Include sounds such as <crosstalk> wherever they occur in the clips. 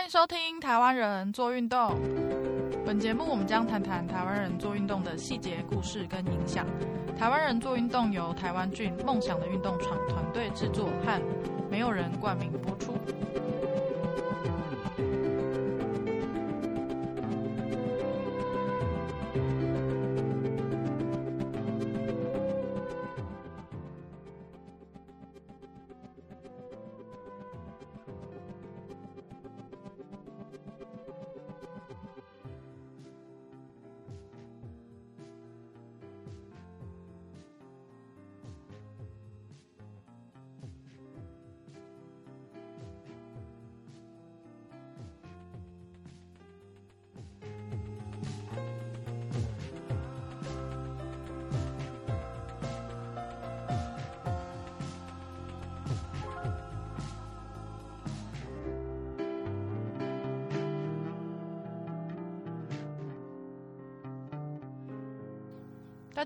歡迎收聽《台灣人做運動》。本節目我們將談談台灣人做運動的細節、故事跟影響。台灣人做運動由台灣菌夢想的運動場團隊制作，和沒有人冠名播出。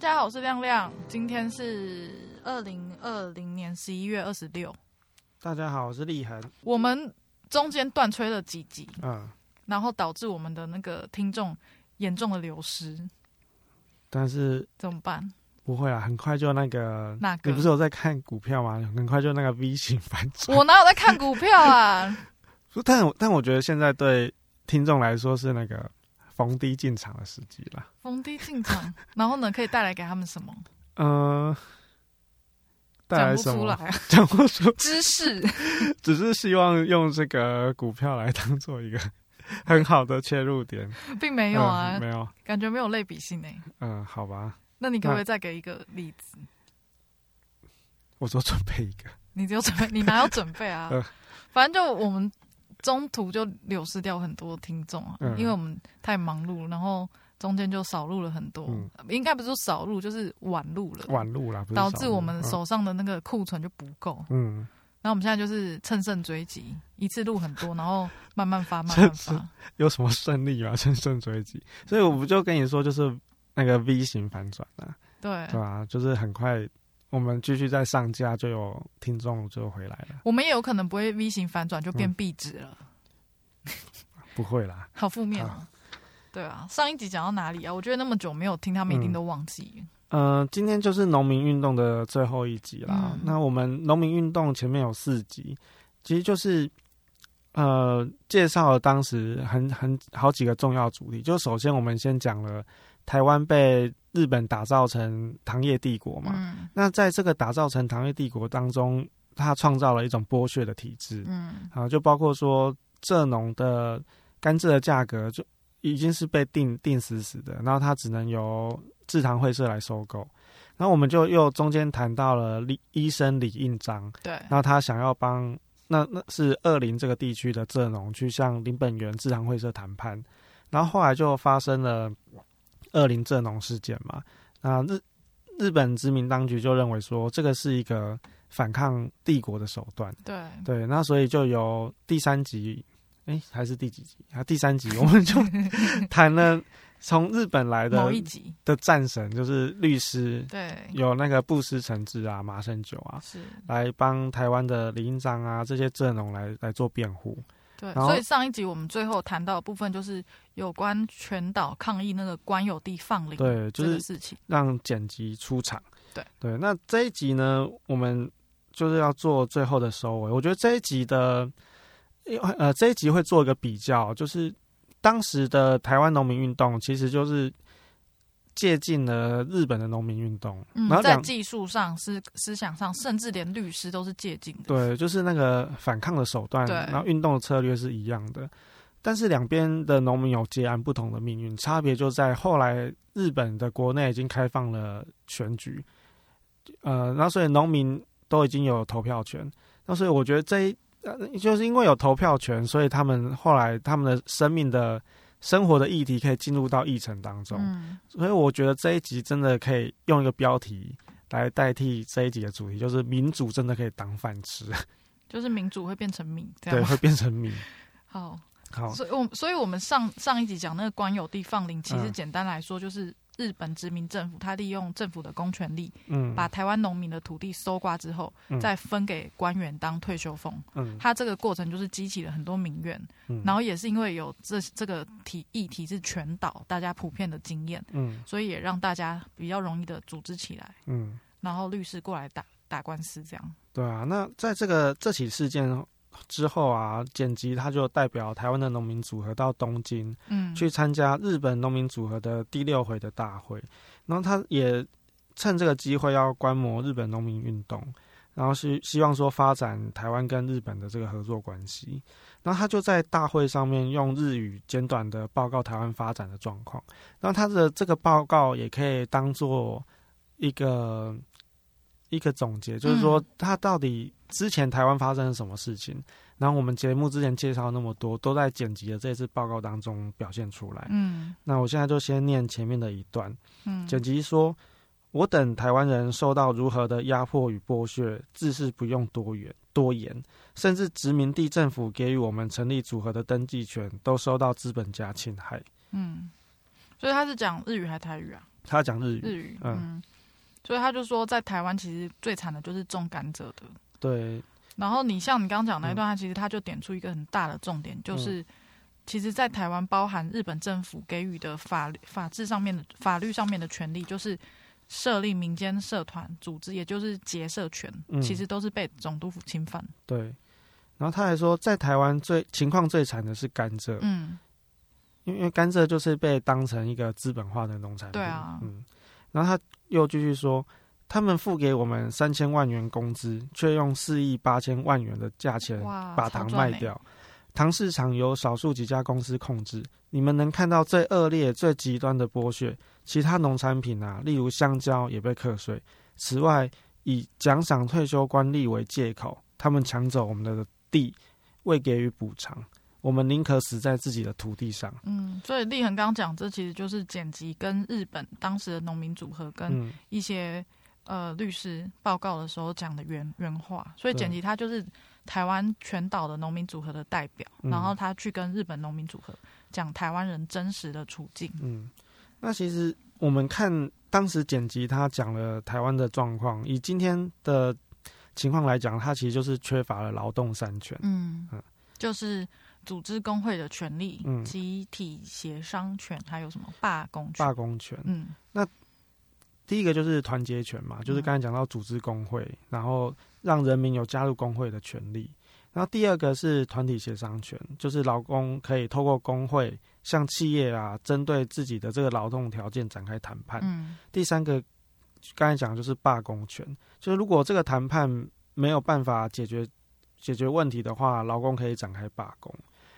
大家好，我是亮亮，今天是二零二零年十一月二十六。大家好，我是立恆。我們中間斷吹了幾集，嗯，然後導致我們的那個聽眾嚴重的流失。但是怎麼辦？不會啊，很快就那個那個？你不是有在看股票嗎？很快就那個 V 型反轉。我哪有在看股票啊？ <laughs> 不，但但我覺得現在對聽眾來說是那個。逢低進場的時機了，逢低進場，然後呢，可以帶來給他們什麼？ <laughs> 呃，帶來什麼？講不出來， <laughs> 知識，只是希望用這個股票來當做一個很好的切入點，並沒有啊，呃、沒有，感覺沒有類比性呢、欸。嗯、呃，好吧，那你可不可以再給一個例子？啊、我說準備一個，你只有準備，你哪有準備啊？ <laughs> 呃、反正就我們。中途就流失掉很多聽眾啊，嗯、因為我們太忙碌，然後中間就少錄了很多，嗯、應該不是少錄，就是晚錄了，晚錄了，導致我們手上的那個庫存就不夠。嗯，然後我們現在就是乘勝追擊，嗯、一次錄很多，然後慢慢發，呵呵慢慢發。有什麼勝利啊？乘勝追擊，所以我不就跟你說，就是那個 V 型反轉啊，對，對啊，就是很快。我們繼續再上架，就有聽眾就回來了。我們也有可能不會 V 型反轉，就變壁紙了。嗯。不會啦， <laughs> 好負面。哦、啊！對啊，上一集講到哪裡啊？我覺得那麼久沒有聽，他們一定都忘記。嗯、呃，今天就是農民運動的最後一集啦。嗯、那我們農民運動前面有四集，其實就是呃介紹了當時很很好幾個重要主題，就首先我們先講了。台灣被日本打造成糖業帝國嘛？嗯、那在這個打造成糖業帝國當中，他創造了一種剝削的體制，嗯，啊，就包括說蔗農的甘蔗的價格就已經是被定定死死的，然後他只能由制糖會社來收購。然後我們就又中間談到了李醫生李應章，對，然後他想要幫那那是二林這個地區的蔗農去向林本源制糖會社談判，然後後來就發生了。二林蔗農事件嘛，那日日本殖民當局就認為說這個是一個反抗帝國的手段。對對，那所以就有第三集，哎，還是第幾集？啊，第三集我們就 <laughs> 談了從日本來的某一集的戰神，就是律師，對，有那個布施辰治啊、麻生久啊，是來幫台灣的李應章啊這些蔗農來來做辯護。對，後所以上一集我們最後談到的部分，就是有關全島抗議那個官有地放領，對，就是事情讓簡吉出場。對對，那這一集呢，我們就是要做最後的收尾。我覺得這一集的，呃，這一集會做一個比較，就是當時的台灣農民運動其實就是。借鑑了日本的農民運動，嗯、然後在技術上、思思想上，甚至連律師都是借鑑的。對，就是那個反抗的手段，對然後運動的策略是一樣的。但是兩邊的農民有截然不同的命運，差別就在後來日本的國內已經開放了選舉，呃，然後所以農民都已經有投票權。那所以我覺得這一，就是因為有投票權，所以他們後來他們的生命的。生活的議題可以進入到議程當中。嗯，所以我覺得這一集真的可以用一個標題來代替這一集的主題，就是民主真的可以當飯吃，就是民主會變成民，對，會變成民。 <laughs> 好，好，所以我所以我們上我們上一集講那個官有地放領，其實簡單來說就是。嗯日本殖民政府，他利用政府的公權力，嗯，把台灣農民的土地搜刮之後，嗯、再分給官員當退休俸。嗯，他這個過程就是激起了很多民怨，嗯、然後也是因為有這這個體議題是全島大家普遍的經驗，嗯，所以也讓大家比較容易的組織起來，嗯，然後律師過來打打官司，這樣。對啊，那在這個這起事件。之後啊，簡吉他就代表台灣的農民組合到東京，嗯，去參加日本農民組合的第六回的大會。然後他也趁這個機會要觀摩日本農民運動，然後是希望說發展台灣跟日本的這個合作關係。然後他就在大會上面用日語簡短的報告台灣發展的狀況。然後他的這個報告也可以當作一個一個總結，就是說他到底。之前台灣發生了什麼事情？然後我們節目之前介紹那麼多，都在簡吉的這次報告當中表現出來。嗯，那我現在就先念前面的一段。嗯，簡吉說：“我等台灣人受到如何的壓迫與剝削，自是不用多言。多言，甚至殖民地政府給予我們成立組合的登記權，都受到資本家侵害。”嗯，所以他是講日語還是台語啊？他講日語。日語。嗯，嗯，所以他就說，在台灣其實最慘的就是種甘蔗的。對，然後你像你剛剛講的那一段，他、嗯、其實他就點出一個很大的重點，就是其實，在台灣，包含日本政府給予的法律法制上面的法律上面的權利，就是設立民間社團組織，也就是結社權，嗯、其實都是被總督府侵犯。對，然後他還說，在台灣最情況最慘的是甘蔗，嗯，因為甘蔗就是被當成一個資本化的農產品。對啊，嗯，然後他又繼續說。他們付給我們三千萬元工資，卻用四億八千萬元的價錢把糖賣掉。欸、糖市場由少數幾家公司控制，你們能看到最惡劣、最極端的剝削。其他農產品啊，例如香蕉也被課稅。此外，以獎賞退休官吏為借口，他們搶走我們的地，未給予補償。我們寧可死在自己的土地上。嗯，所以立恆剛剛講，這其實就是簡吉跟日本當時的農民組合跟一些。嗯呃，律師報告的時候講的原原話，所以簡吉他就是台灣全島的農民組合的代表，然後他去跟日本農民組合講台灣人真實的處境。嗯，那其實我們看當時簡吉他講了台灣的狀況，以今天的情況來講，他其實就是缺乏了勞動三權。嗯，就是組織工會的權利、嗯、集體協商權，還有什麼罷工權？罷工權。嗯，那。第一個就是團結權嘛，就是剛才講到組織工會，嗯、然後讓人民有加入工會的權利。然後第二個是團體協商權，就是勞工可以透過工會向企業啊，針對自己的這個勞動條件展開談判。嗯、第三個，剛才講的就是罷工權，就是如果這個談判沒有辦法解決解決問題的話，勞工可以展開罷工，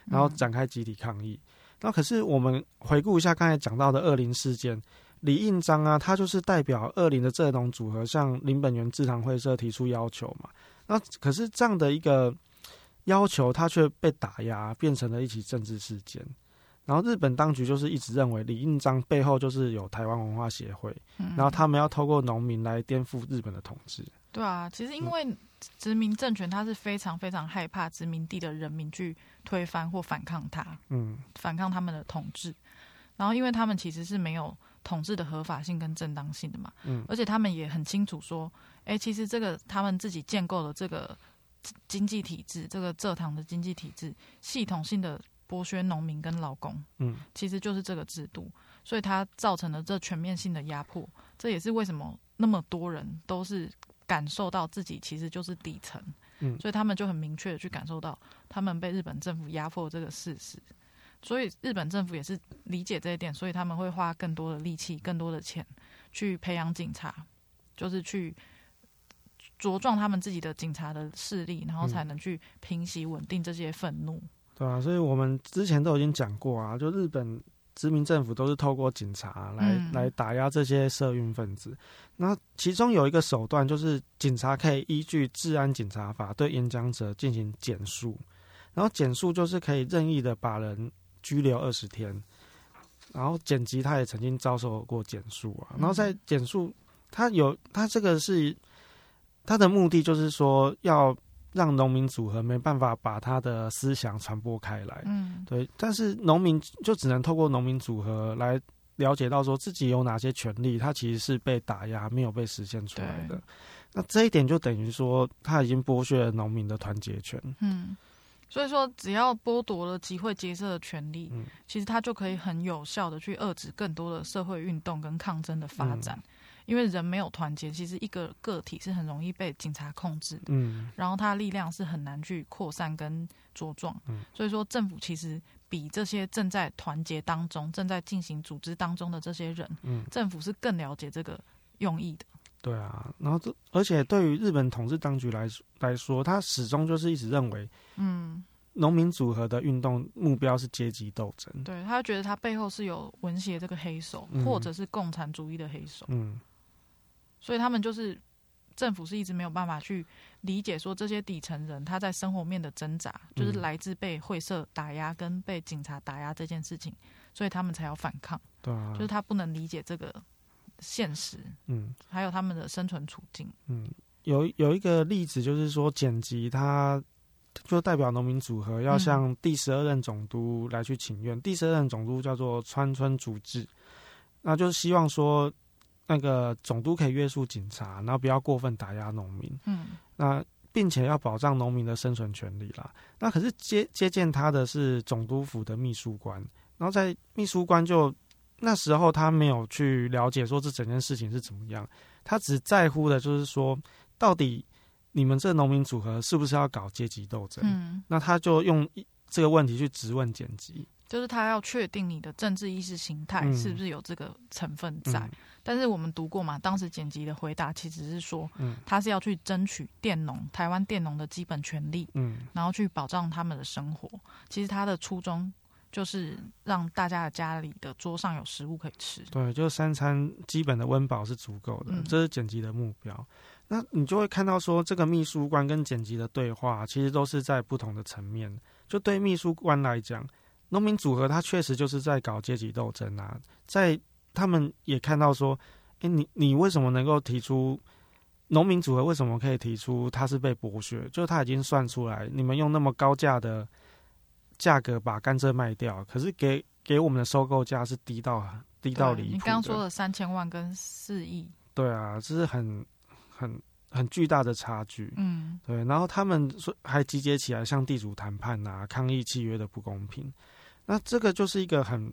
然後展開集體抗議。那、嗯、可是我們回顧一下剛才講到的二林事件。李應章啊，他就是代表二林的蔗農組合向林本源制糖會社提出要求嘛。那可是這樣的一個要求，他卻被打壓，變成了一起政治事件。然後日本當局就是一直認為李應章背後就是有台灣文化協會，嗯、然後他們要透過農民來顛覆日本的統治。對啊，其實因為殖民政權，他是非常非常害怕殖民地的人民去推翻或反抗他，嗯，反抗他們的統治。然後因為他們其實是沒有。統治的合法性跟正當性的嘛，嗯，而且他們也很清楚說，哎，其實這個他們自己建構的這個這經濟體制，這個蔗糖的經濟體制，系統性的剝削農民跟勞工，嗯，其實就是這個制度，所以他造成了這全面性的壓迫，這也是為什麼那麼多人都是感受到自己其實就是底層，嗯，所以他們就很明確的去感受到他們被日本政府壓迫的這個事實。所以日本政府也是理解這一點，所以他們會花更多的力氣、更多的錢去培養警察，就是去茁壯他們自己的警察的勢力，然後才能去平息、穩定這些憤怒、嗯。對啊，所以我們之前都已經講過啊，就日本殖民政府都是透過警察來、嗯、來打壓這些社運分子。那其中有一個手段就是，警察可以依據《治安警察法》對演講者進行檢束，然後檢束就是可以任意的把人。拘留二十天，然後簡吉他也曾經遭受過檢束啊，然後在檢束，他有他這個是他的目的，就是說要讓農民組合沒辦法把他的思想傳播開來。嗯，對，但是農民就只能透過農民組合來了解到說自己有哪些權利，他其實是被打壓，沒有被實現出來的。對那這一點就等於說他已經剝削了農民的團結權。嗯。所以說，只要剝奪了集會結社的權利，嗯、其實他就可以很有效的去遏制，更多的社會運動跟抗爭的發展。嗯、因為人沒有團結，其實一個個體是很容易被警察控制的。嗯、然後他力量是很難去擴散跟茁壯。嗯、所以說政府其實比這些正在團結當中，正在進行組織當中的這些人，嗯、政府是更了解這個用意的。對啊，然後這而且對於日本統治當局來來說，他始終就是一直認為，嗯，農民組合的運動目標是階級鬥爭。嗯、對，他覺得他背後是有文協這個黑手，嗯、或者是共產主義的黑手。嗯，所以他們就是政府是一直沒有辦法去理解，說，這些底層人他在生活面的掙扎，就是來自被會社打壓跟被警察打壓這件事情，所以他們才要反抗。對啊，就是他不能理解這個。現實，嗯，還有他們的生存處境，嗯，有有一個例子就是說，簡吉他就代表農民組合要向第十二任總督來去請願，嗯、第十二任總督叫做川村竹治，那就是希望說那個總督可以約束警察，然後不要過分打壓農民，嗯，那並且要保障農民的生存權利啦。那可是接接見他的是總督府的秘書官，然後在秘書官就。那時候他沒有去了解說，這整件事情是怎麼樣，他只在乎的就是說，到底你們這農民組合是不是要搞階級鬥爭？嗯，那他就用這個問題去質問簡吉，就是他要確定你的政治意識形態是不是有這個成分在。嗯，嗯，但是我們讀過嘛，當時簡吉的回答其實是說，他是要去爭取佃農、台灣佃農的基本權利，嗯，然後去保障他們的生活。其實他的初衷。就是讓大家的家裡的桌上有食物可以吃，對，就是三餐基本的溫飽是足夠的，嗯、這是簡吉的目標。那你就會看到說，這個秘書官跟簡吉的對話其實都是在不同的層面。就對秘書官來講，農民組合他確實就是在搞階級鬥爭啊，在他們也看到說，誒，你你為什麼能夠提出農民組合？為什麼可以提出他是被剝削？就是他已經算出來，你們用那麼高價的。價格把甘蔗賣掉，可是給給我們的收購價是低到低到離譜。你剛剛說的三千萬跟四億，對啊，這是很很很巨大的差距。嗯，對。然後他們說還集結起來向地主談判吶、啊，抗議契約的不公平。那這個就是一個很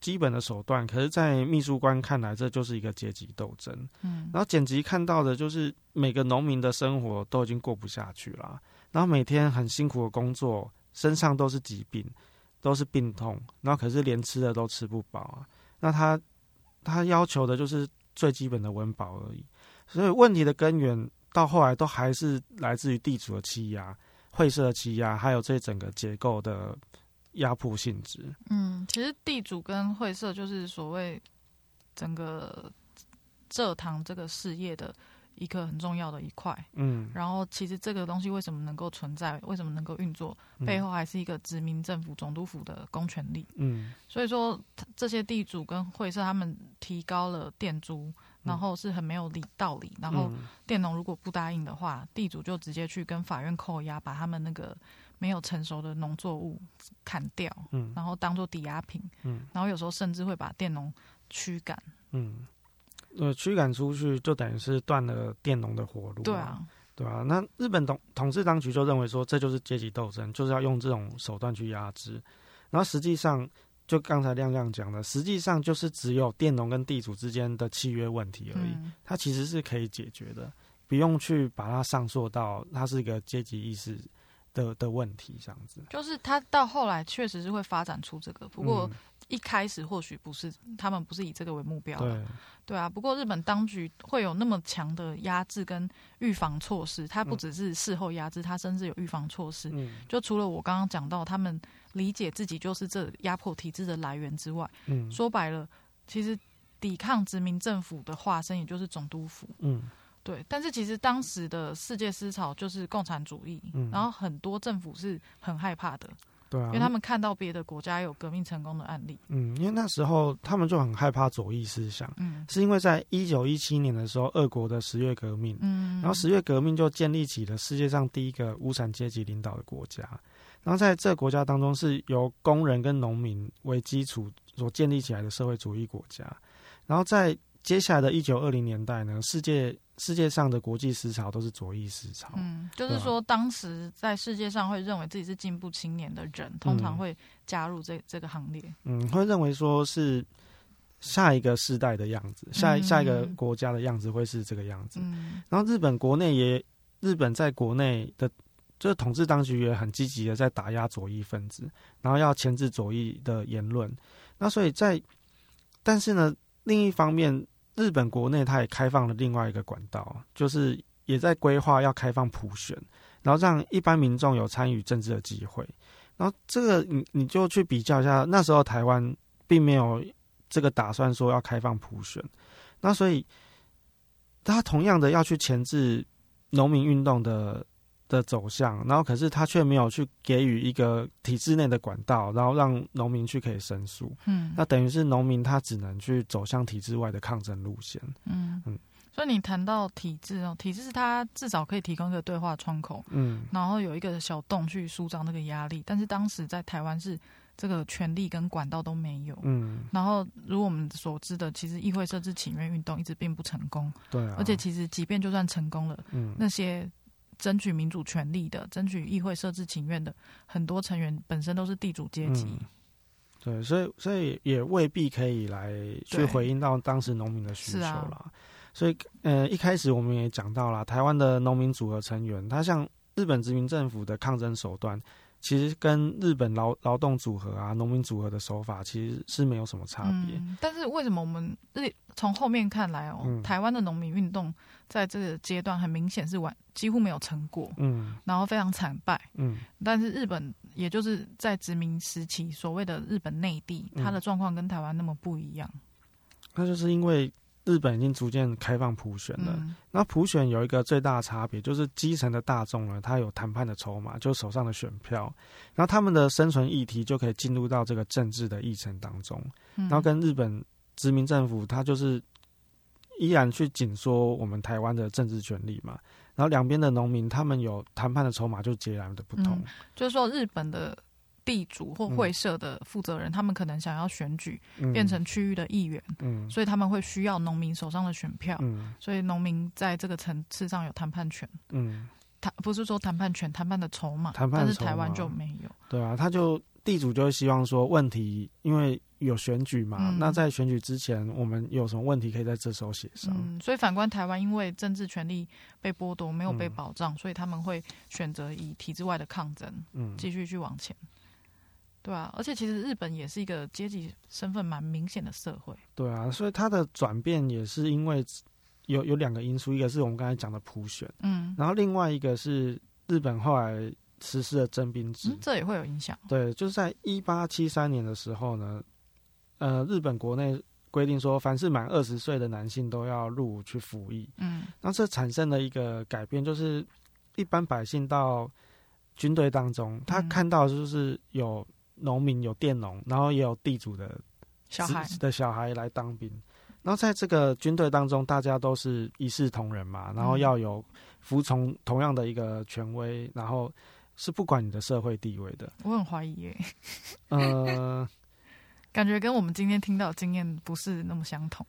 基本的手段。可是，在秘書官看來，這就是一個階級鬥爭。嗯，然後簡吉看到的就是每個農民的生活都已經過不下去了，然後每天很辛苦的工作。身上都是疾病，都是病痛，然後可是連吃的都吃不飽啊。那他他要求的就是最基本的溫飽而已。所以問題的根源到後來都還是來自於地主的欺壓、會社的欺壓，還有這整個結構的壓迫性質。嗯，其實地主跟會社就是所謂整個蔗糖這個事業的。一個很重要的一塊，嗯，然後其實這個東西為什麼能夠存在，為什麼能夠運作，嗯、背後還是一個殖民政府總督府的公權力，嗯，所以說這些地主跟會社他們提高了佃租，嗯、然後是很沒有理道理，然後佃農如果不答應的話，地主就直接去跟法院扣押，把他們那個沒有成熟的農作物砍掉，嗯，然後當做抵押品，嗯，然後有時候甚至會把佃農驅趕，嗯。呃，驅趕出去就等於是斷了佃農的活路，對啊，對啊。那日本統統治當局就認為說，這就是階級鬥爭，就是要用這種手段去壓制。然後實際上，就剛才亮亮講的，實際上就是只有佃農跟地主之間的契約問題而已，嗯、它其實是可以解決的，不用去把它上溯到它是一個階級意識的的問題。這樣子，就是它到後來確實是會發展出這個，不過、嗯。一開始或許不是，他們不是以這個為目標的。對。對啊。不過日本當局會有那麼強的壓制跟預防措施，他不只是事後壓制，他、嗯、甚至有預防措施。嗯、就除了我剛剛講到，他們理解自己就是這壓迫體制的來源之外，嗯，說白了，其實抵抗殖民政府的化身，也就是總督府，嗯，對。但是其實當時的世界思潮就是共產主義，嗯、然後很多政府是很害怕的。對啊，因為他們看到別的國家有革命成功的案例。嗯，因為那時候他們就很害怕左翼思想。嗯，是因為在一九一七年的時候，俄國的十月革命。嗯，然後十月革命就建立起了世界上第一個無產階級領導的國家。然後在這個國家當中，是由工人跟農民為基礎所建立起來的社會主義國家。然後在接下來的一九二零年代呢，世界。世界上的國際思潮都是左翼思潮，嗯，就是說，當時在世界上會認為自己是進步青年的人，通常會加入這、嗯、這個行列，嗯，會認為說是下一個世代的樣子，下、嗯、下一個國家的樣子會是這個樣子。嗯、然後日本國內也，日本在國內的，就是統治當局也很積極的在打壓左翼分子，然後要牽制左翼的言論。那所以在，但是呢，另一方面。日本國內，它也開放了另外一個管道，就是也在規劃要開放普選，然後讓一般民眾有參與政治的機會。然後這個你你就去比較一下，那時候台灣並沒有這個打算說要開放普選，那所以他同樣的要去鉗制農民運動的的走向，然後可是他卻沒有去給予一個體制內的管道，然後讓農民去可以申訴。嗯，那等於是農民他只能去走向體制外的抗爭路線。嗯嗯，嗯，所以你談到體制哦，體制是他至少可以提供一個對話窗口，嗯，然後有一個小洞去舒張那個壓力。但是當時在台灣是這個權力跟管道都沒有。嗯，然後如我們所知的，其實議會設置請願運動一直並不成功。對啊，而且其實即便就算成功了，嗯，那些。爭取民主權利的，爭取議會設置請願的，很多成員本身都是地主階級。嗯。對，所以所以也未必可以來去回應到當時農民的需求啦。啊、所以，呃，一開始我們也講到啦，台灣的農民組合成員，他向日本殖民政府的抗爭手段，其實跟日本勞勞動組合啊、農民組合的手法其實是沒有什麼差別。嗯，但是為什麼我們日從後面看來哦、喔，嗯，台灣的農民運動在這個階段很明顯是完幾乎沒有成果。嗯，然後非常慘敗。嗯，但是日本也就是在殖民時期，所謂的日本內地，它的狀況跟台灣那麼不一樣。那、嗯，就是因為。日本已經逐漸開放普選了，嗯、那普選有一個最大的差別，就是基層的大眾呢，他有談判的籌碼，就手上的選票，然後他們的生存議題就可以進入到這個政治的議程當中，嗯、然後跟日本殖民政府，他就是依然去緊縮我們台灣的政治權利嘛，然後兩邊的農民，他們有談判的籌碼就截然的不同，嗯、就是說日本的。地主或會社的負責人，他們可能想要選舉變成區域的議員，所以他們會需要農民手上的選票，所以農民在這個層次上有談判權。嗯，他不是說談判權，談判的籌碼，但是台灣就沒有。對啊，他就地主就會希望說，問題因為有選舉嘛，那在選舉之前，我們有什麼問題可以在這時候寫上？所以反觀台灣，因為政治權利被剝奪，沒有被保障，所以他們會選擇以體制外的抗爭，繼續去往前。對啊，而且其實日本也是一個階級身份蠻明顯的社會。對啊，所以它的轉變也是因為有有兩個因素，一個是我們剛才講的普選，嗯，然後另外一個是日本後來實施了徵兵制，嗯，這也會有影響。對，就是在一八七三年的時候呢，呃，日本國內規定說，凡是滿二十歲的男性都要入伍去服役，嗯，那這產生了一個改變，就是一般百姓到軍隊當中，他看到的就是有。農民有佃農，然後也有地主的，小孩的小孩來當兵。然後在這個軍隊當中，大家都是一視同仁嘛，然後要有服從同樣的一個權威，然後是不管你的社會地位的。我很懷疑，呃， <laughs> 感覺跟我們今天聽到經驗不是那麼相同。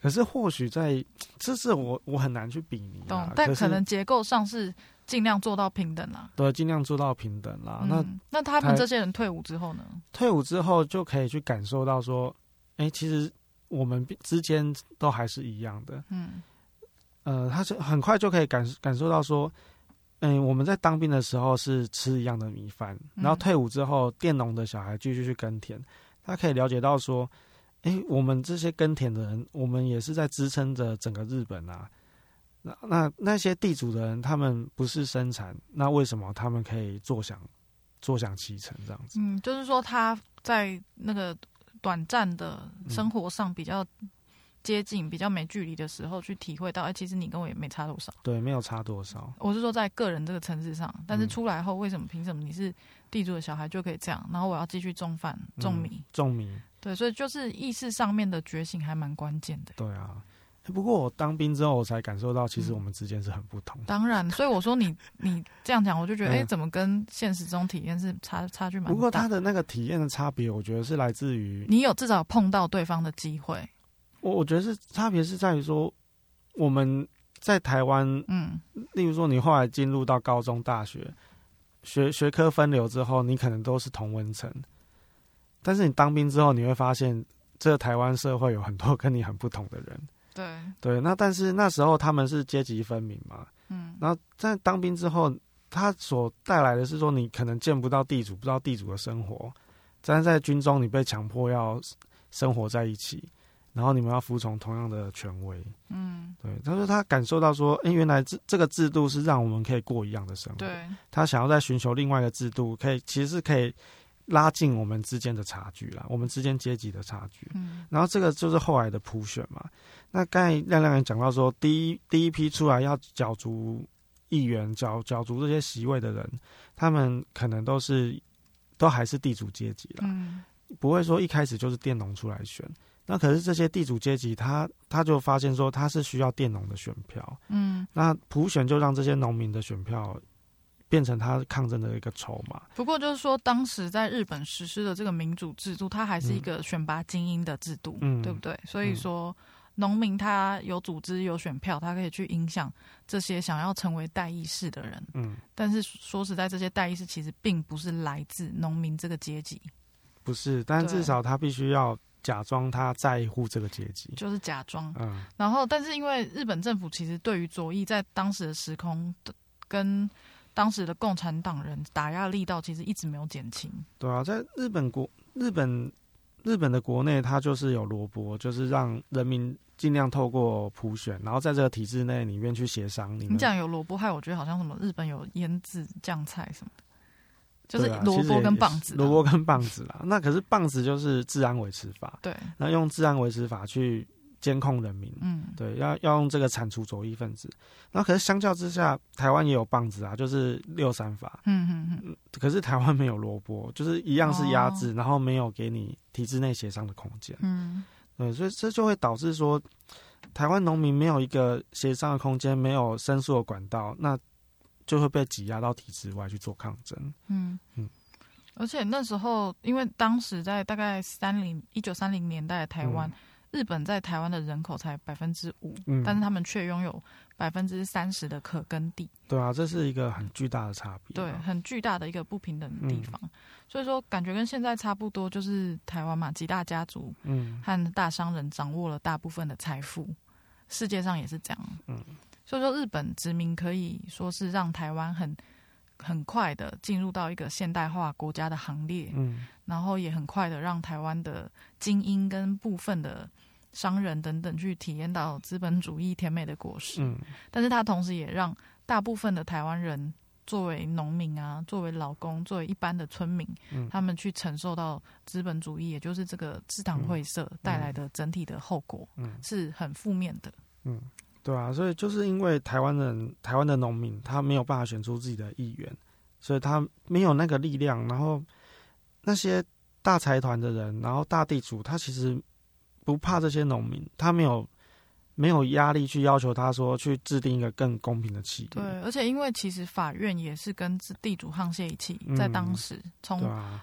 可是或許在這是我我很難去比擬、啊、懂，但可能結構上是。儘量做到平等啦。對，儘量做到平等啦。那、嗯、那他們這些人退伍之後呢？退伍之後就可以去感受到說，哎、欸，其實我們之間都還是一樣的。嗯。呃，他就很快就可以感感受到說，嗯、欸，我們在當兵的時候是吃一樣的米飯，嗯、然後退伍之後，佃農的小孩繼續去耕田，他可以了解到說，哎、欸，我們這些耕田的人，我們也是在支撐着整個日本啊。那那些地主的人，他們不是生產，那為什麼他們可以坐享，坐享其成這樣子？嗯，就是說他在那個短暫的生活上比較接近，嗯、比較沒距離的時候去體會到，哎、欸，其實你跟我也沒差多少。對，沒有差多少。我是說在個人這個層次上，但是出來後，為什麼憑什麼你是地主的小孩就可以這樣？然後我要繼續種飯、種米、嗯、種米。對，所以就是意識上面的覺醒還蠻關鍵的。對啊。不過我當兵之後，我才感受到其實、嗯、我們之間是很不同。當然，所以我說你你這樣講，我就覺得哎、嗯欸，怎麼跟現實中體驗是差差距蠻大的？不過他的那個體驗的差別，我覺得是來自於你有至少碰到對方的機會。我我覺得是差別是在於說我們在台灣，嗯，例如說你後來進入到高中、大學，學學科分流之後，你可能都是同溫層。但是你當兵之後，你會發現這個台灣社會有很多跟你很不同的人。對對，那但是那時候他們是階級分明嘛，嗯，然後在當兵之後，他所帶來的是說你可能見不到地主，不知道地主的生活，但是在軍中你被強迫要生活在一起，然後你們要服從同樣的權威，嗯，對，他說他感受到說，哎、嗯，原來這這個制度是讓我們可以過一樣的生活，對，他想要再尋求另外一個制度，可以其實是可以。拉近我們之間的差距啦，我們之間階級的差距。嗯，然後這個就是後來的普選嘛。那剛才亮亮也講到說，第一第一批出來要角逐議員、角角逐這些席位的人，他們可能都是都還是地主階級啦。嗯，不會說一開始就是佃農出來選。那可是這些地主階級他，他他就發現說，他是需要佃農的選票，嗯，那普選就讓這些農民的選票。變成他抗爭的一個籌碼。不過，就是說，當時在日本實施的這個民主制度，它還是一個選拔精英的制度，嗯、對不對？所以說，嗯、農民他有組織、有選票，他可以去影響這些想要成為代議士的人。嗯，但是說實在，這些代議士其實並不是來自農民這個階級，不是。但至少他必須要假裝他在乎這個階級，對就是假裝。嗯。然後，但是因為日本政府其實對於左翼在當時的時空的跟。當時的共產黨人打壓力道其實一直沒有減輕。對啊，在日本國、日本、日本的國內，它就是有蘿蔔，就是讓人民盡量透過普選，然後在這個體制內裡面去協商。你講有蘿蔔害，我覺得好像什麼日本有醃制醬菜什麼的，就是蘿蔔、啊、跟棒子、啊，蘿蔔跟棒子啦。 <laughs> 那可是棒子就是治安維持法，對，那用治安維持法去。監控人民，嗯，對，要要用這個鏟除左翼分子。那可是相較之下，台灣也有棒子啊，就是六三法，嗯嗯嗯。嗯嗯，可是台灣沒有蘿蔔，就是一樣是壓制，哦、然後沒有給你體制內協商的空間，嗯，對，所以這就會導致說，台灣農民沒有一個協商的空間，沒有申訴的管道，那就會被擠壓到體制外去做抗爭，嗯。嗯，而且那時候，因為當時在大概三零一九三零年代的台灣。嗯日本在台灣的人口才百分之五，嗯、但是他們卻擁有百分之三十的可耕地。對啊，這是一個很巨大的差別、啊。對，很巨大的一個不平等的地方。嗯、所以說，感覺跟現在差不多，就是台灣嘛，幾大家族和大商人掌握了大部分的財富。世界上也是這樣。嗯，所以說日本殖民可以說是讓台灣很很快的進入到一個現代化國家的行列。嗯，然後也很快的讓台灣的精英跟部分的。商人等等去體驗到資本主義甜美的果實，嗯、但是他同時也讓大部分的台灣人作為農民啊，作為勞工，作為一般的村民，嗯、他們去承受到資本主義，也就是這個製糖會社帶來的整體的後果、嗯、是很負面的。嗯，對啊，所以就是因為台灣人，台灣的農民他沒有辦法選出自己的議員，所以他沒有那個力量。然後那些大財團的人，然後大地主，他其實。不怕這些農民，他沒有沒有壓力去要求他說去制定一個更公平的契約。對，而且因為其實法院也是跟地主沆瀣一氣，嗯、在當時從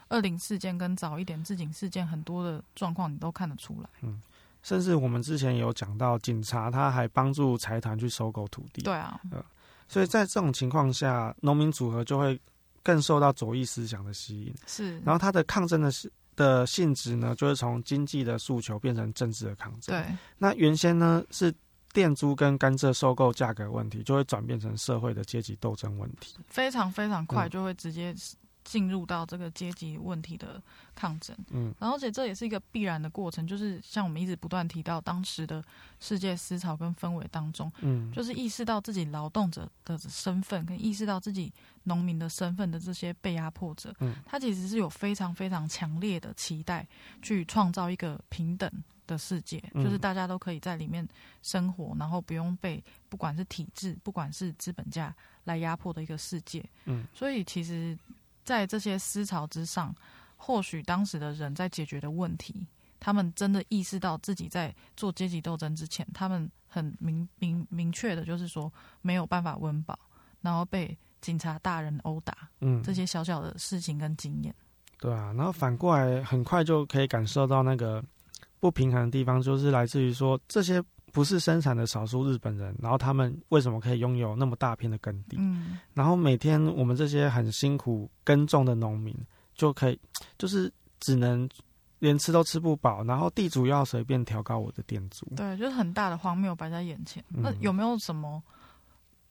二林事件跟早一點自警事件很多的狀況，你都看得出來。嗯，甚至我們之前有講到，警察他還幫助財團去收購土地。對啊、嗯，所以在這種情況下，農民組合就會更受到左翼思想的吸引。是，然後他的抗爭的是。的性質呢，就是從經濟的訴求變成政治的抗爭。對，那原先呢是佃租跟甘蔗收購價格問題，就會轉變成社會的階級鬥爭問題。非常非常快就會直接。嗯進入到這個階級問題的抗爭，嗯，然後且這也是一個必然的過程，就是像我們一直不斷提到當時的世界思潮跟氛圍當中，嗯，就是意識到自己勞動者的身份，跟意識到自己農民的身份的這些被壓迫者，嗯，他其實是有非常非常強烈的期待，去創造一個平等的世界，就是大家都可以在裡面生活，然後不用被不管是體制，不管是資本家來壓迫的一個世界，嗯，所以其實。在這些思潮之上，或許當時的人在解決的問題，他們真的意識到自己在做階級鬥爭之前，他們很明明明確的，就是說沒有辦法溫飽，然後被警察大人毆打，嗯，這些小小的事情跟經驗。對啊，然後反過來，很快就可以感受到那個不平衡的地方，就是來自於說這些。不是生產的少數日本人，然後他們為什麼可以擁有那麼大片的耕地？嗯、然後每天我們這些很辛苦耕種的農民就可以，就是只能連吃都吃不飽，然後地主要隨便調高我的地租。對，就是很大的荒謬擺在眼前。嗯、那有沒有什麼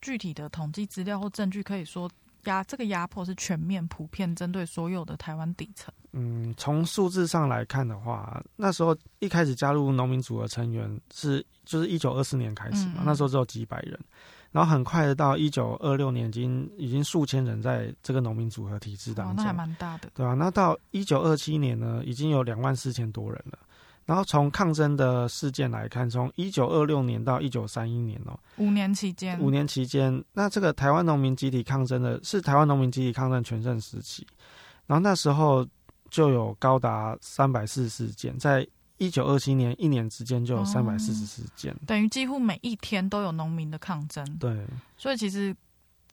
具體的統計資料或證據可以說壓這個壓迫是全面、普遍針對所有的台灣底層？嗯，從數字上來看的話，那時候一開始加入農民組合成員是。就是一九二四年開始嘛，那時候只有幾百人，嗯、然後很快的到一九二六年，已經已經數千人在這個農民組合體制當中，哦、那還蠻大的，對吧、啊？那到一九二七年呢，已經有兩萬四千多人了。然後從抗爭的事件來看，從一九二六年到一九三一年哦，五年期間，五年期間，那這個台灣農民集體抗爭的，是台灣農民集體抗爭全盛時期，然後那時候就有高達三百四十件在。一九二七年，一年之間就有三百四十四件、哦，等於幾乎每一天都有農民的抗爭。對，所以其實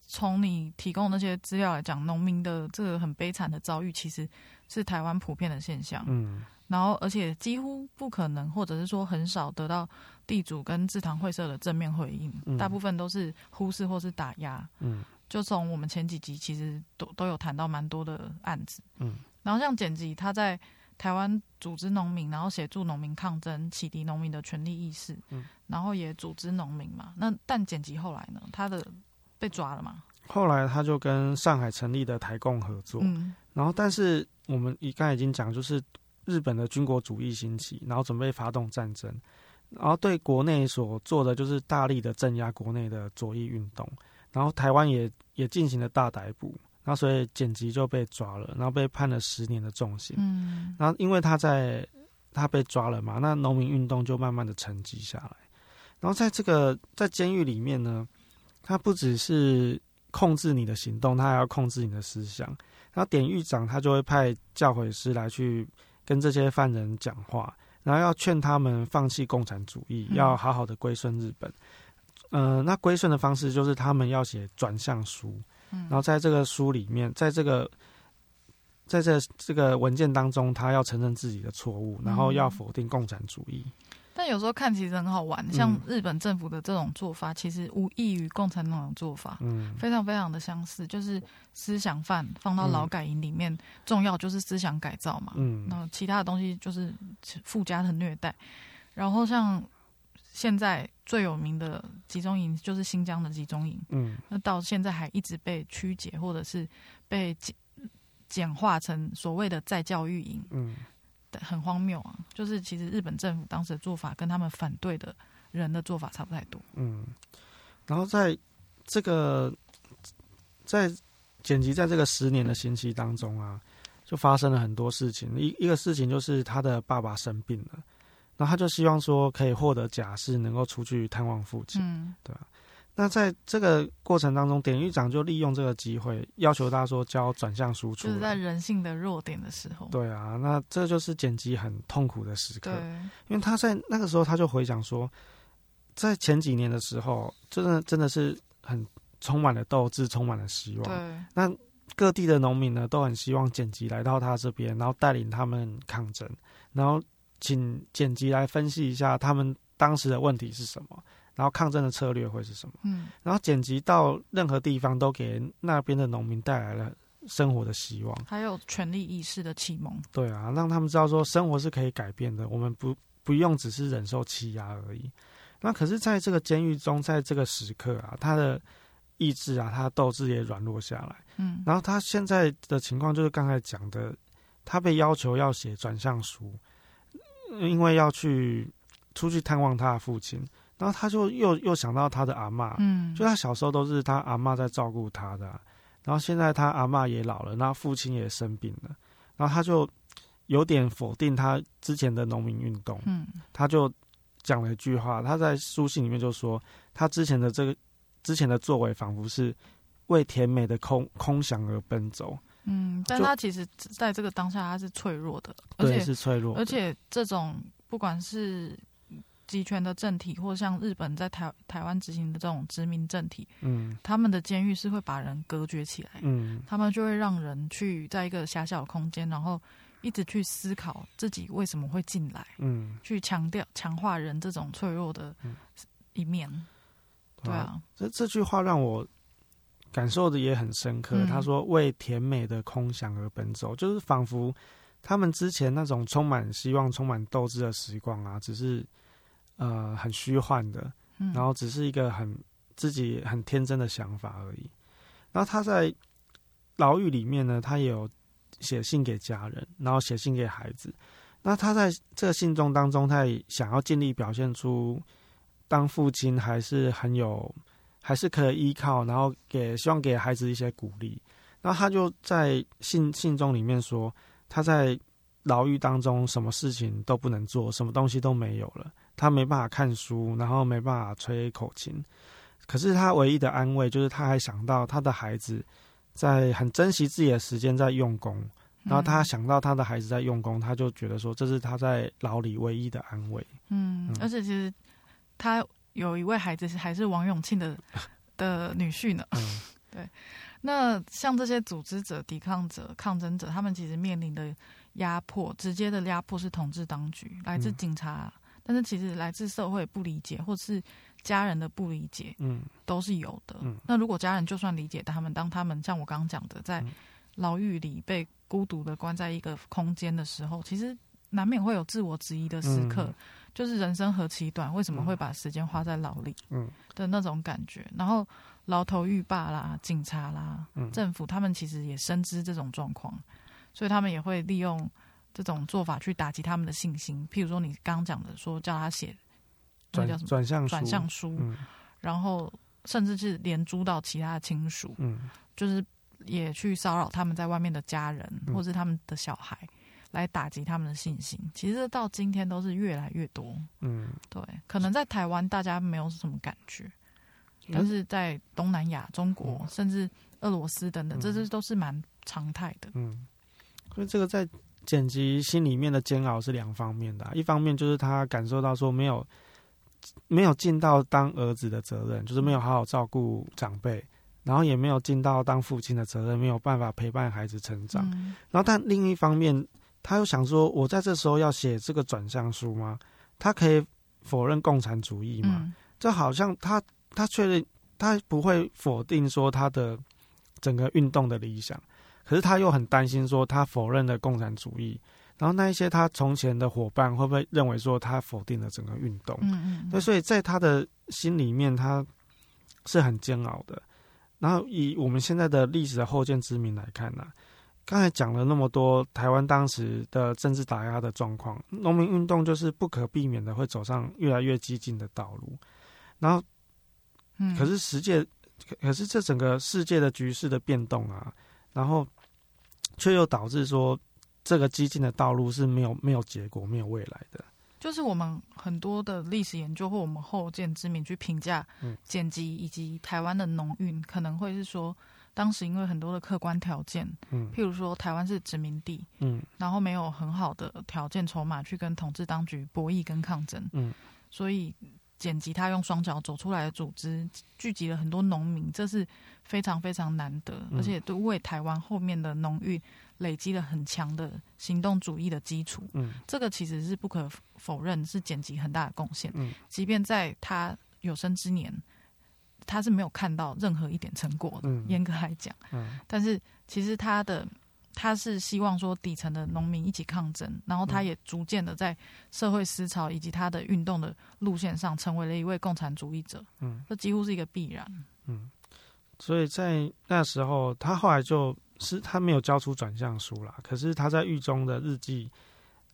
從你提供那些資料來講，農民的這個很悲慘的遭遇，其實是台灣普遍的現象。嗯，然後而且幾乎不可能，或者是說很少得到地主跟制糖會社的正面回應，嗯、大部分都是忽視或是打壓。嗯，就從我們前幾集其實都都有談到蠻多的案子。嗯，然後像簡吉他在。台灣組織農民，然後協助農民抗爭，啟迪農民的權利意識，嗯、然後也組織農民嘛。那但簡吉後來呢？他的被抓了嘛？後來他就跟上海成立的台共合作，嗯、然後但是我們剛才已經講，就是日本的軍國主義興起，然後準備發動戰爭，然後對國內所做的就是大力的鎮壓國內的左翼運動，然後台灣也也進行了大逮捕。那所以簡吉就被抓了，然後被判了十年的重刑。嗯、然後，因為他在他被抓了嘛，那農民運動就慢慢的沉寂下來。然後，在這個在監獄裡面呢，他不只是控制你的行動，他還要控制你的思想。然後，典獄長他就會派教誨師來去跟這些犯人講話，然後要勸他們放棄共產主義，要好好的歸順日本。嗯、呃，那歸順的方式就是他們要寫轉向書。嗯、然後在這個書裡面，在這個，在這這個文件當中，他要承認自己的錯誤，然後要否定共產主義、嗯。但有時候看其實很好玩，像日本政府的這種做法，嗯、其實無異於共產黨的做法，嗯，非常非常的相似，就是思想犯放到勞改營裡面，嗯、重要就是思想改造嘛，嗯，然後其他的東西就是附加的虐待，然後像。現在最有名的集中營就是新疆的集中營，嗯，那到現在還一直被曲解，或者是被簡化成所謂的“再教育營”，嗯，很荒謬啊！就是其實日本政府當時的做法，跟他們反對的人的做法差不多，太多。嗯，然後在這個在簡吉在這個十年的刑期當中啊，就發生了很多事情。一一個事情就是他的爸爸生病了。然後他就希望說可以獲得假釋，能夠出去探望父親。嗯、對、啊、那在這個過程當中，典獄長就利用這個機會要求他說交轉向書出，就是在人性的弱點的時候。對啊，那這就是簡吉很痛苦的時刻，對因為他在那個時候他就回想說，在前幾年的時候，真的真的是很充滿了鬥志，充滿了希望。對，那各地的農民呢都很希望簡吉來到他這邊，然後帶領他們抗爭，然後。請簡吉來分析一下他們當時的問題是什麼，然後抗爭的策略會是什麼？嗯，然後簡吉到任何地方都給那邊的農民帶來了生活的希望，還有權利意識的啟蒙。對啊，讓他們知道說生活是可以改變的，我們不不用只是忍受欺壓而已。那可是，在這個監獄中，在這個時刻啊，他的意志啊，他的鬥志也軟弱下來。嗯，然後他現在的情況就是剛才講的，他被要求要寫轉向書。因為要去出去探望他的父親，然後他就又又想到他的阿嬤，嗯，就他小時候都是他阿嬤在照顧他的，然後現在他阿嬤也老了，那父親也生病了，然後他就有點否定他之前的農民運動，嗯，他就講了一句話，他在書信裡面就說他之前的這個之前的作為仿佛是為甜美的空空想而奔走。嗯，但他其實在這個當下，他是脆弱的，對，而且是脆弱。而且這種不管是集權的政體，或像日本在台台灣執行的這種殖民政體，嗯，他們的監獄是會把人隔絕起來，嗯，他們就會讓人去在一個狹小的空間，然後一直去思考自己為什麼會進來，嗯，去強調強化人這種脆弱的一面，嗯、對啊，這這句話讓我。感受的也很深刻。嗯、他說：“為甜美的空想而奔走，就是仿佛他們之前那種充滿希望、充滿鬥志的時光啊，只是呃很虛幻的，嗯、然後只是一個很自己很天真的想法而已。”然後他在牢獄裡面呢，他也有寫信給家人，然後寫信給孩子。那他在這個信中當中，他也想要盡力表現出當父親還是很有，還是可以依靠，然後給希望給孩子一些鼓勵。然後他就在信信中裡面說，他在牢獄當中什麼事情都不能做，什麼東西都沒有了，他沒辦法看書，然後沒辦法吹口琴。可是他唯一的安慰就是他還想到他的孩子在很珍惜自己的時間在用功，嗯，然後他想到他的孩子在用功，他就覺得說這是他在牢裡唯一的安慰。嗯，嗯，而且其實他。有一位孩子是還是王永慶的的女婿呢？嗯、 <laughs> 對，那像這些組織者、抵抗者、抗爭者，他們其實面臨的壓迫，直接的壓迫是統治當局、來自警察，嗯，但是其實來自社會不理解，或是家人的不理解，嗯，都是有的。嗯、那如果家人就算理解他們，當他們像我剛剛講的，在牢獄裡被孤獨的關在一個空間的時候，其實難免會有自我質疑的時刻。嗯嗯就是人生何其短，為什麼會把時間花在牢裡？嗯，的那種感覺。然後，牢頭獄霸啦，警察啦，嗯、政府他們其實也深知這種狀況，所以他們也會利用這種做法去打擊他們的信心。譬如說，你剛講的，說叫他寫，轉，那叫什麼？轉向書，轉向書，嗯、然後甚至是連租到其他親屬，嗯，就是也去騷擾他們在外面的家人或是他們的小孩。來打擊他們的信心，其實到今天都是越來越多。嗯，對，可能在台灣大家沒有什麼感覺，嗯、但是在東南亞、中國、嗯、甚至俄羅斯等等，這些都是蠻常態的。嗯，所以這個在簡吉心裡面的煎熬是兩方面的，啊，一方面就是他感受到說沒有沒有盡到當兒子的責任，就是沒有好好照顧長輩，然後也沒有盡到當父親的責任，沒有辦法陪伴孩子成長。嗯、然後但另一方面，他又想說：“我在這時候要寫這個轉向書嗎？他可以否認共產主義嗎？就、嗯、好像他他確認他不會否定說他的整個運動的理想，可是他又很擔心說他否認了共產主義，然後那一些他從前的伙伴會不會認為說他否定了整個運動？嗯，嗯嗯，那所以在他的心裡面他是很煎熬的。然後以我們現在的歷史的後見之明來看呢、啊。”剛才講了那麼多台灣當時的政治打壓的狀況，農民運動就是不可避免的會走上越來越激進的道路。然後，嗯，可是世界，可是這整個世界的局勢的變動啊，然後卻又導致說這個激進的道路是沒有沒有結果、沒有未來的。就是我們很多的歷史研究或我們後見之明去評價，嗯，簡吉以及台灣的農運，可能會是說。當時因為很多的客觀條件，譬如說台灣是殖民地，嗯、然後沒有很好的條件籌碼去跟統治當局博弈跟抗爭，嗯、所以簡吉他用雙腳走出來的組織，聚集了很多農民，這是非常非常難得，而且都為台灣後面的農運累積了很強的行動主義的基礎。嗯、這個其實是不可否認，是簡吉很大的貢獻。即便在他有生之年。他是沒有看到任何一點成果的，嗯，嚴格來講。嗯。但是其實他的他是希望說底層的農民一起抗爭，然後他也逐漸的在社會思潮以及他的運動的路線上，成為了一位共產主義者。嗯。這幾乎是一個必然。嗯。所以在那時候，他後來就是他沒有交出轉向書啦。可是他在獄中的日記，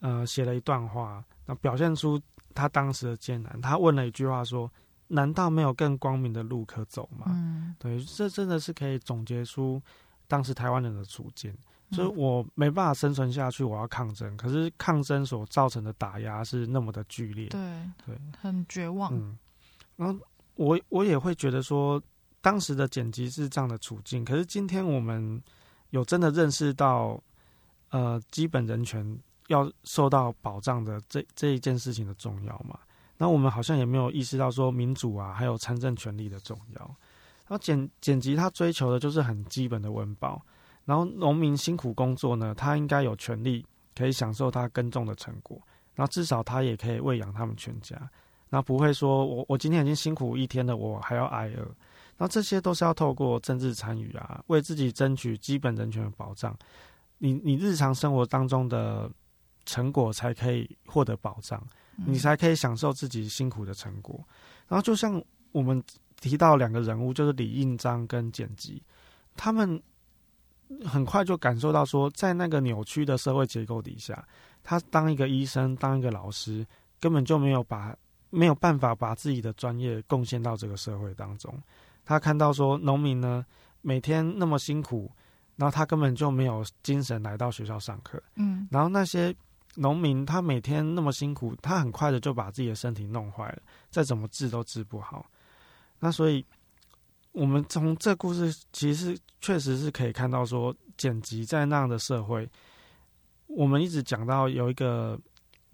呃，寫了一段話，那表現出他當時的艱難。他問了一句話說。難道沒有更光明的路可走嗎？嗯。對，這真的是可以總結出當時台灣人的處境。嗯，所以我沒辦法生存下去，我要抗爭。可是抗爭所造成的打壓是那麼的劇烈，對對，對，很絕望。嗯，然後我我也會覺得說，當時的簡吉是這樣的處境。可是今天我們有真的認識到，呃，基本人權要受到保障的這這一件事情的重要嗎？那我們好像也沒有意識到說民主啊，還有參政權利的重要。然後簡簡吉他追求的就是很基本的溫飽。然後農民辛苦工作呢，他應該有權利可以享受他耕種的成果。然後至少他也可以餵養他們全家。那不會說我，我我今天已經辛苦一天了，我還要挨餓。那這些都是要透過政治參與啊，為自己爭取基本人權的保障。你你日常生活當中的成果才可以獲得保障。你才可以享受自己辛苦的成果，然後就像我們提到兩個人物，就是李應章跟簡吉。他們很快就感受到說，在那個扭曲的社會結構底下，他當一個醫生，當一個老師，根本就沒有把沒有辦法把自己的專業貢獻到這個社會當中。他看到說，農民呢，每天那麼辛苦，然後他根本就沒有精神來到學校上課。嗯，然後那些。農民他每天那麼辛苦，他很快的就把自己的身體弄壞了，再怎麼治都治不好。那所以，我們從這故事其實確實是可以看到說，簡吉在那樣的社會，我們一直講到有一個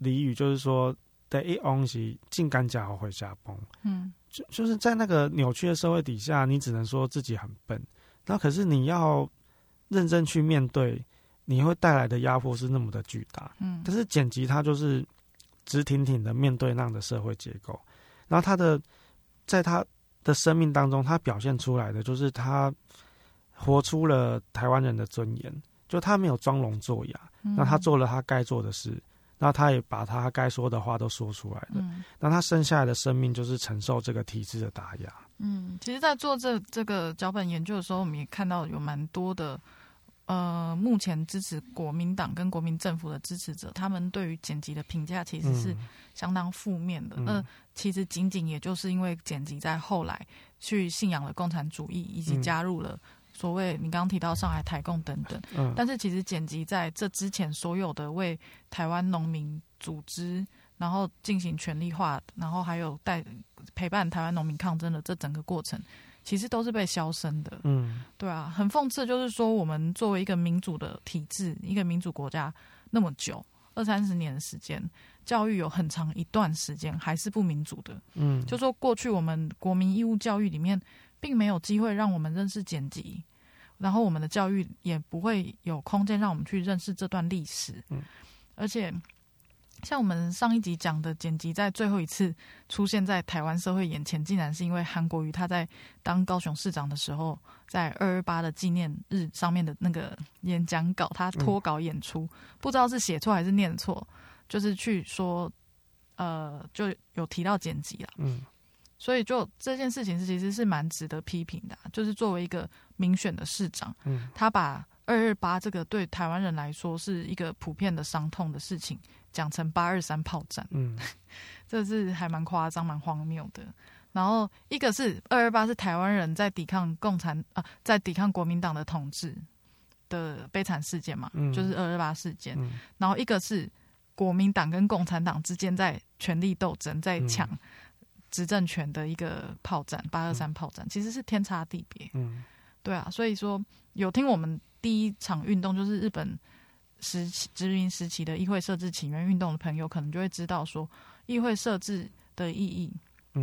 俚語，就是說第一戇，種甘蔗予會社磅”。嗯，就就是在那個扭曲的社會底下，你只能說自己很笨，那可是你要認真去面對。你會帶來的壓迫是那麼的巨大，嗯，但是簡吉他就是直挺挺的面對那樣的社會結構，然後他的在他的生命當中，他表現出來的就是他活出了台灣人的尊嚴，就他沒有裝聾作啞，嗯、那他做了他該做的事，那他也把他該說的話都說出來了，那、嗯、他剩下來的生命就是承受這個體制的打壓。嗯，其實，在做這這個腳本研究的時候，我們也看到有蠻多的。呃，目前支持國民黨跟國民政府的支持者，他們對於簡吉的評價其實是相當負面的。那、嗯、其實僅僅也就是因為簡吉在後來去信仰了共產主義，以及加入了所謂你剛剛提到上海台共等等。嗯，但是其實簡吉在這之前所有的為台灣農民組織，然後進行權力化，然後還有帶陪伴台灣農民抗爭的這整個過程其實都是被消聲的，嗯，對啊，很諷刺，就是說我們作為一個民主的體制，一個民主國家那麼久，二三十年的時間，教育有很長一段時間還是不民主的，嗯，就說過去我們國民義務教育裡面並沒有機會讓我們認識簡吉，然後我們的教育也不會有空間讓我們去認識這段歷史，嗯，而且。像我們上一集講的，簡吉在最後一次出現在台灣社會眼前，竟然是因為韓國瑜他在當高雄市長的時候，在二二八的紀念日上面的那個演講稿，他脫稿演出，嗯、不知道是寫錯還是念錯，就是去說，呃，就有提到簡吉了。嗯，所以就這件事情是其實是蠻值得批評的、啊，就是作為一個民選的市長，嗯、他把。二二八這個對台灣人來說是一個普遍的傷痛的事情，講成八二三炮戰，嗯，這是還蠻誇張蠻荒謬的。然後一個是二二八是台灣人在抵抗共產啊，在抵抗國民黨的統治的悲慘事件嘛，嗯、就是二二八事件。嗯、然後一個是國民黨跟共產黨之間在權力鬥爭，在搶執政權的一個炮戰，八二三炮戰，嗯、其實是天差地別。嗯，對啊，所以說有聽我們。第一場運動就是日本時期殖民時期的議會設置請願運動的朋友，可能就會知道說議會設置的意義。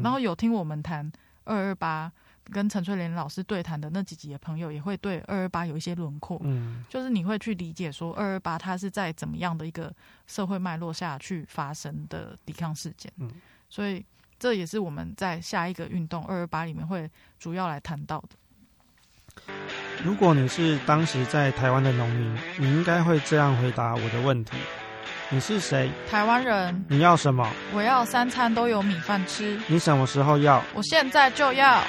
然後有聽我們談二二八跟陳翠蓮老師對談的那幾集的朋友，也會對二二八有一些輪廓。嗯，就是你會去理解說二二八它是在怎麼樣的一個社會脈絡下去發生的抵抗事件。嗯，所以這也是我們在下一個運動二二八裡面會主要來談到的。如果你是當時在台灣的農民，你應該會這樣回答我的問題：你是誰？台灣人。你要什麼？我要三餐都有米飯吃。你什麼時候要？我現在就要。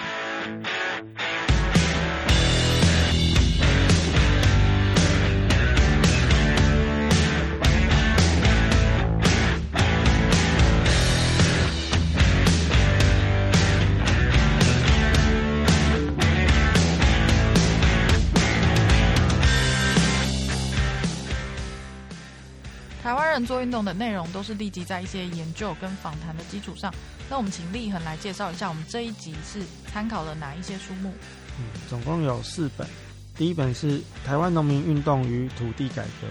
做運動的內容都是立即在一些研究跟訪談的基礎上。那我們請立恆來介紹一下，我們這一集是參考了哪一些書目？嗯，總共有四本。第一本是《台灣農民運動與土地改革》，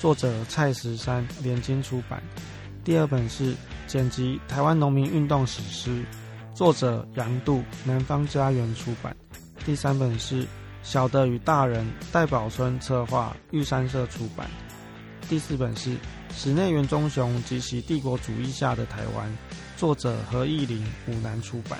作者蔡石山，聯經出版。第二本是《簡吉：台灣農民運動史詩》，作者楊渡，南方家園出版。第三本是《小的與大人》，戴寶村策劃，玉山社出版。第四本是。矢內原忠雄及其帝國主義下的台灣，作者何義麟，五南出版。